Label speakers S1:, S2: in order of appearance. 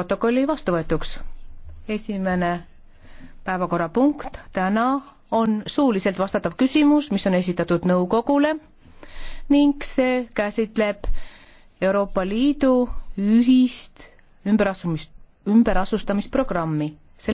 S1: protokolli vastuvõetuks. esimene päevakorrapunkt täna on suuliselt vastatav küsimus, mis on esitatud nõukogule ning see käsitleb Euroopa Liidu ühist ümberasumist, ümberasustamisprogrammi